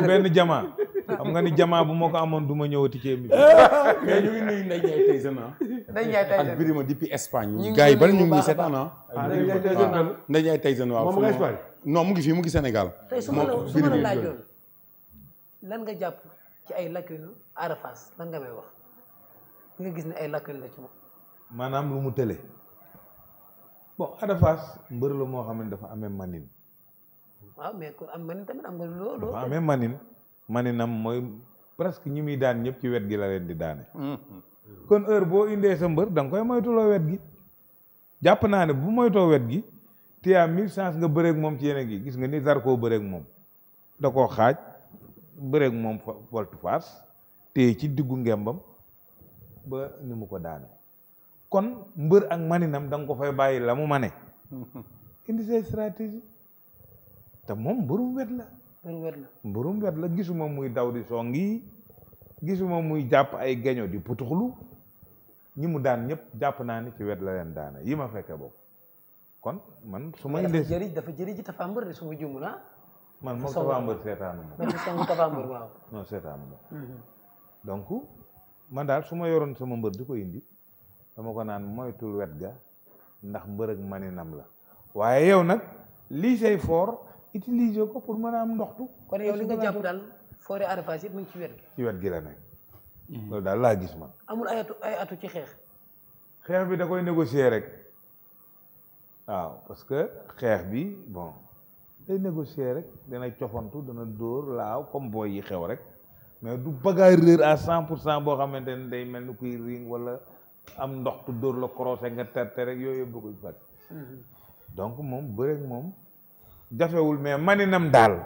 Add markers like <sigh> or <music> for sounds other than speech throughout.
du benn xam nga ni jamaa bu ma ko amoon du ma ñëwati ci émission mais ñu ngi nuyu Ndeye Ndiaye Tyson yi bari ñu ngi seetaan ah Ndeye Ndiaye mu ngi fii mu ngi Sénégal tey su la su lan nga jàpp ci ay lacune Ada Fass lan nga may wax nga gis ni ay lacune la ci moom maanaam lu mu tële bon Ada Fass moo xam ne dafa amee manin waaw mais ku am manin tamit am nga loo loo. waaw mais manin maninam mooy presque ñi muy daan ñëpp ci wet gi la leen di daane. Mm-hmm. kon heure boo indee sa mbër da nga koy moytuloo wet gi. jàpp naa ne bu moytoo wet gi Tia mille chance nga bëreeg moom ci yeneen gi gis nga ni Zarko bëreeg moom da koo xaaj bëreeg moom volte face téye ci diggu ngembam ba ni mu ko daane kon mbër ak maninam da ko fay bàyyi la mu mane mm-hmm. indi say stratégie te moom mburum wet la. mburum wet la mburum wet la gisuma muy daw di song gisuma muy jàpp ay geño di putuxlu ñi mu daan ñëpp jàpp naa ni ci wet la leen daana yi ma fekke boobu kon man su ma indee dafa jëri dafa ji Tapha Mbeur de su ma juumul ah. man moom Tapha Mbeur seetaanu ma song mm-hmm. man daal su ma yoroon sama mbër di ko indi dama ko naan moytul wet ga ndax mbër ak maninam la waaye yow nag lii say foor utiliser ko pour mën a am ndoxtu. kon yow li nga jàpp daal forêt Arafat yëpp mu ngi ci wet gi. ci wet gi la nekk. Mhm. loolu daal laa gis ma amul ay atu ay atu ci xeex. xeex bi da koy négocier rek waaw parce que xeex bi bon day négocier rek dana cofantu dana dóor laaw comme booy yi xew rek mais du bagaay réer à cent pour cent boo xamante ne day mel ni kuy ring wala am ndox dóor la croisé nga terte rek yooyu yëpp koy faj mhm. donc moom bëreeg moom jafewul mais maninam daal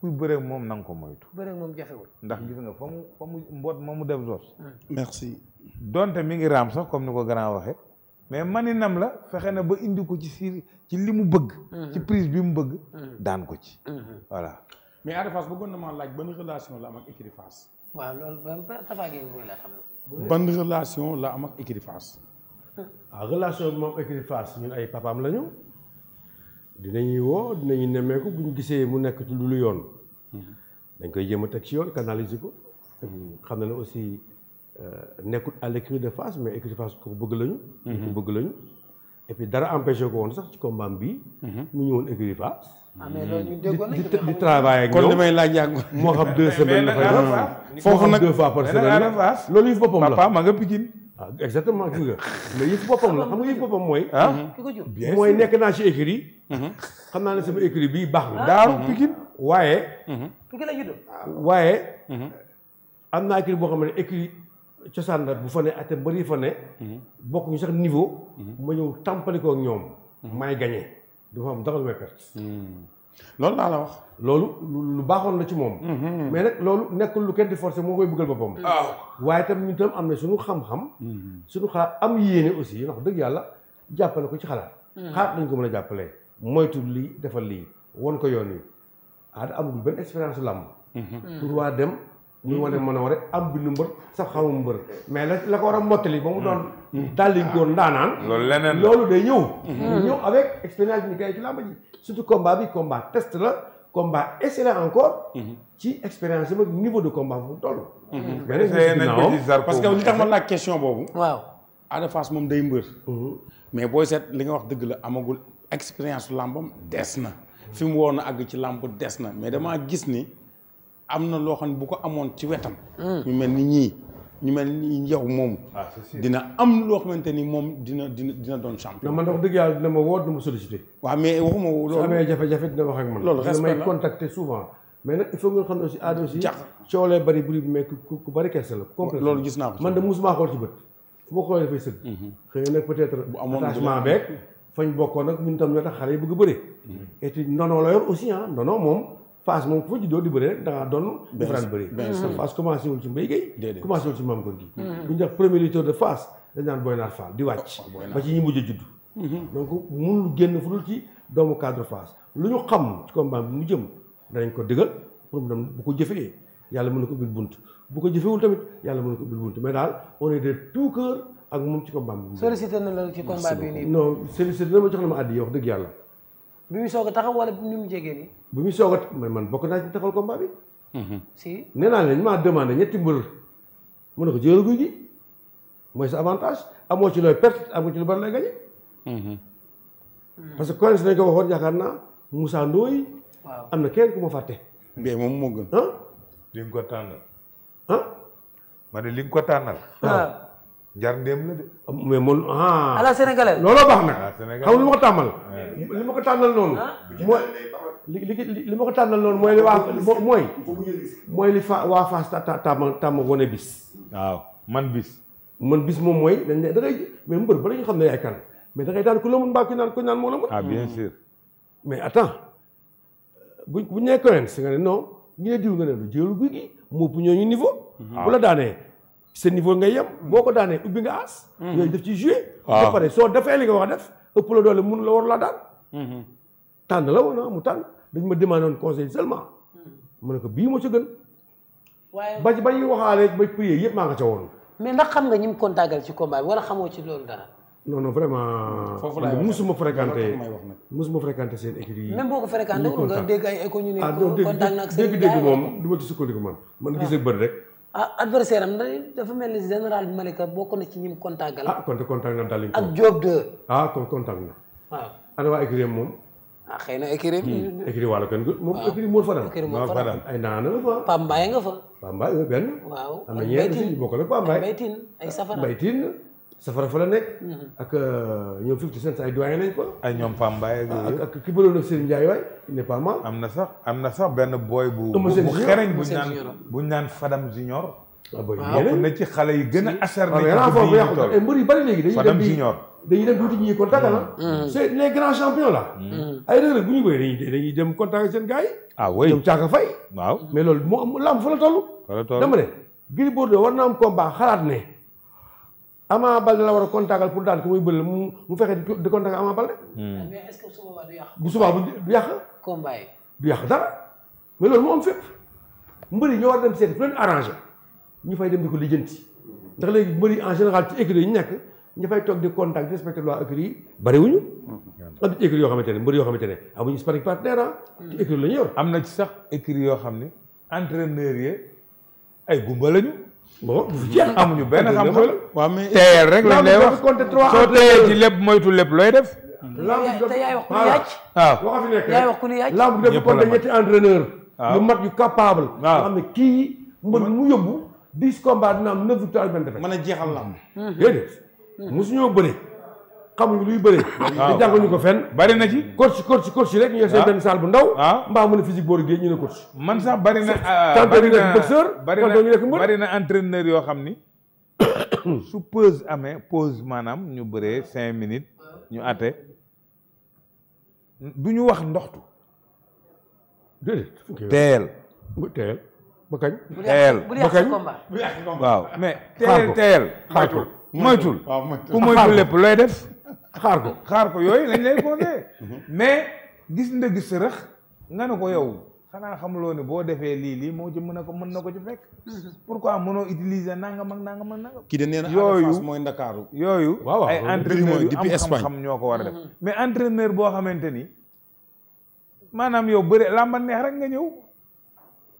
kuy bëreeg moom na nga ko moytu. bëreeg moom jafewul. ndax gis nga fa mu fa mboot ma mu def sos. Hmm. merci. donte mi ngi raam sax comme ni ko ganaa waxe mais maninam la fexe na ba indi ko ci sii ci li mu bëgg. Hmm. ci prise bi mu bëgg. Hmm. daan ko ci. voilà. mais Ada Fass bëggoon na maa laaj ban relation la am ak écurie ban Tapha la relation la am ak écurie Fass. ah relation bi moom écurie Fass ay papaam lañu. dina ñuy woo dinañu nemmeeku bu ñu gisee mu nekk ci lu lu yoon. dañ koy jéem a teg ci yoon canaliser ko. xam na ne aussi euh, nekkut à l'écurie de Fass mais écurie de ko bëgg lañu. ko bëgg lañu. et puis dara empêché ko woon sax ci combat bii. mu ñëwoon écurie Fass. ah mais loolu ñu déggoon nañu di travail ak ñoom moo xam deux semaines la fay. foofu nag deux fois par semaine la loolu yëpp boppam la papa ma nga Pikine. ah exactement gis nga mais boppam la xam nga yëf boppam mooy. ah bien mooy nekk naa ci écrit mm-hmm. xam naa ne sama écrit bii baax na. daaru Pikine waaye. Mm-hmm. waaye. Mm-hmm. am naa écrit boo xam ne écrit cosaan la bu fa ne atam bëri fa ne. bokk ñu sax niveau. ma ñëw tàmpali ko ak ñoom. maay gagné dafa am dara lu loolu laa la wax. loolu lu baaxoon la ci moom. Mm-hmm. mais rek loolu nekkul lu kenn di forcer moo koy bëggal boppam. Ah. waaye itam ñun itam am na suñu xam-xam. Mm-hmm. suñu xalaat am yéene aussi ndax dëgg yàlla jàppale ko ci xalaat. Mm. xalaat lañ ko mën a jàppalee. moytu li defal lii won ko yoon wi ah amul benn expérience làmb mm-hmm. mm. pour waa dem. muy wane mm-hmm. mën a war a am bindu mbër sax xamu mbër mm-hmm. mais la la ko war a mottali ba mu doon mm-hmm. daldi góor ah. ndaanaan loolu leneen loolu day ñëw ñëw avec expérience bi ñu koy ci làmb ji surtout combat bi combat test la combat excellent encore ci expérience bi niveau de combat bu mu toll parce que li tax ma laaj question boobu waaw Ada Fass moom day mbër mais booy seet li nga wax dëgg la amagul expérience làmbam des na fi mu woon a àgg ci làmb des na mais damaa gis ni am na loo xam ne bu ko amoon ci wetam. Hmm. ñu mel ni ñii ñu mel ni yow moom. Ah, dina am loo xamante ni moom dina dina dina doon champion. man wax dëgg yàlla dina ma woo dina ma sollicité. waaw mais waxuma loolu. dina wax ak man. loolu respect la may contacter souvent. mais nag il faut nga xam ne aussi aada aussi. jax coow bari bruit bi mais ku ku bari kersa la. complètement loolu gis naa ko man de musuma xool ci bët. fu ma xoolee dafay sëgg. Mhm. xëy na nag peut-être. bu amoon attachement beeg. fañ bokkoon nag ñun tam ñoo tax xale yi bëgg a bëri. Mhm. et puis ndono la yor aussi ah ndono moom. Fass moom fu juddoo di bëri rek da ngaa doon dafaraat bëri Fass commencé wul ci Mbaye Guèye commencé wul ci Mame Gorgui mm-hmm. de Fass dañ naan Boy Nar Fall di wàcc oh, ba ci ñi mujj a judd mm-hmm. donc génn fu dul ci doomu cadre Fass lu ñu xam ci combat bi mu jëm danañ ko dëggal pour mu dem bu ko jëfee yàlla mën na ko ubbil bunt bu ko jëfewul tamit yàlla mën na ko ubbil bunt mais daal on est de tout cœur ak moom ci combat bi sollicité nii non sollicité na ma jox na ma yàlla bi muy soog a taxaw wala ni mu jegee nii. bi muy soog a man man bokk naa ci taxawal combat bi. Mhm. si nee naa lañ maa demandé ñetti mbër mu ne ko jëlal guy gi mooy sa avantage amoo ci looy per amoo ci lu bari lay gañe. Mhm. parce que connaissance nañ ko waxoon yaakaar naa Moussa Ndoye. am na kenn ku ma fàtte. mais moom moo gën. ah. nga ko tànnal. ah. ma ne li nga ko tànnal. Ah. jar ndéem la de. mais moom ah. à la eh. li ma ko tàmmal. Ah. li li ma ko tànnal noonu mooy li waa mooy. mooy li fa waa tàmm tàmm gone bis. waaw man bis. man moom mooy dañ ne da ngay mais la ñu xam mais da ngay daan ku la mën ah, mbaa hmm. ku mais attends bu bu ñu nee Coense nga ne ñu ne diw nga ne lu jëlu guy gi moo ëpp ñooñu niveau. Hmm. bu la daanee. seen niveau nga yem boo ko daanee ubbi nga aas. Hmm. yooyu daf ci joué. waaw ba soo defee li nga wax def ëpp la doole mun la war laa daan. Hmm. tànn la woon ah, mu tànn dañ ma demandé woon conseil seulement. mu hmm. ne ko bii moo ci gën. waaye ba ba ñuy waxaale ba prier yëpp maa nga ca woon. mais ndax xam nga ñi mu kontaagal ci combat bi wala xamoo ci loolu dara. non musuma fréquenté musuma fréquenté seen équipe yi. même boo ko fréquenté nga dégg ay écho ne. Ah, dégg dégg moom du ma ci sukkandiku man. man ah. gis bët rek. ah adversaire dafa mel ni général Malika bokk na ci ñim contact gala. Ah, ah kon contact na Dalinko ak Diop ah contact na. waaw ana waa écurie moom. ah na écurie. Hmm, écurie wàllu kenn moom écurie moo fa daan. écurie moo fa daan ay naana la fa. Pambaay nga benn. waaw am na ñeenti bokk na Pambaay. Mbaytin ay safara Mbaytin. safara fa la nekk. Mhm. ak euh, ñoom fifty cent ay doyen lañ quoi. ay ñoom Pambaye ak ak ki bëroon ak Serigne Ndiaye waay il n'est am na sax am na sax benn boy bu. bu xereñ bu naan bu naan Fadam Junior. Ah, bokk na ci xale yi gën a acharné. waaw mbër yu bari léegi dañuy dem di dañuy dem tuuti ñuy contact mm. mm. mm. dañuy dañuy dem contact seen gars yi. ah oui mais loolu moo am lamb fa la toll. fa la toll dama ne Gris Bordeaux na am combat xalaat ne Ama Baldé la war a contactal pour daan ko muy bëri mu mu fexe di contact Ama Baldé. Hmm. mais est-ce que suba du yàq. bu subaa du yàq. du yàq dara mais loolu moo am mbër ñoo war dem seeti fu leen arrangé ñu fay dem di ko lijjanti ndax léegi mbër yi en général ci écurie yi nekk ñu fay toog di contact di respecté loi écurie yi bariwuñu. Hmm. am na ci yoo xamante ne mbër yoo xamante ne amuñu sparring partenaire ah. Hmm. ci écurie am na ci sax écurie yoo xam ne entraîneur yi ay gumba lañu. bon <laughs> jeex amuñu benn xam-xam. waaw mais rek lañ lay wax soo teyee ci lépp moytu lépp looy def. te yaay wax ku ñu nekk yaay wax ku ñu yàcc. lamb bi dafa compté ñetti entraîneur. mat yu capable. waaw xam ne kii mbër mu yóbbu dix combat dina am neuf victoire benn défaite. mën a jeexal lamb. déedéet mosuñoo bëre. xamuñu luy bëre di ah. jànguñu ko fenn bari na ci coach coach coach rek ñu yor ah. bu ndaw ah. mbaa mu ne physique booru géej ñu ne coach man sax bari na bari na entraîneur yoo xam ni <coughs> su pause amee pose maanaam ñu bëree cinq minutes ñu àtte du ñu wax ndoxtu déedéet teel ba kañ teel moytul moytul ku moytul lépp looy def xaar ko xaar ko yooyu lañ lay conseillé <laughs> mhm. mais gis nga gis sa nga ne ko yow xanaa xamuloo ne boo defee lii lii moo ci mën ko mën na ko ci fekk mhm. pourquoi mënoo utiliser nangam ak nangam ak nangam kii de nee na yooyu mooy ndakaaru yooyu ay entraîneur yu am xam-xam ko war a def mhm. mais entraîneur boo xamante ni maanaam yow bëri làmba neex rek nga ñëw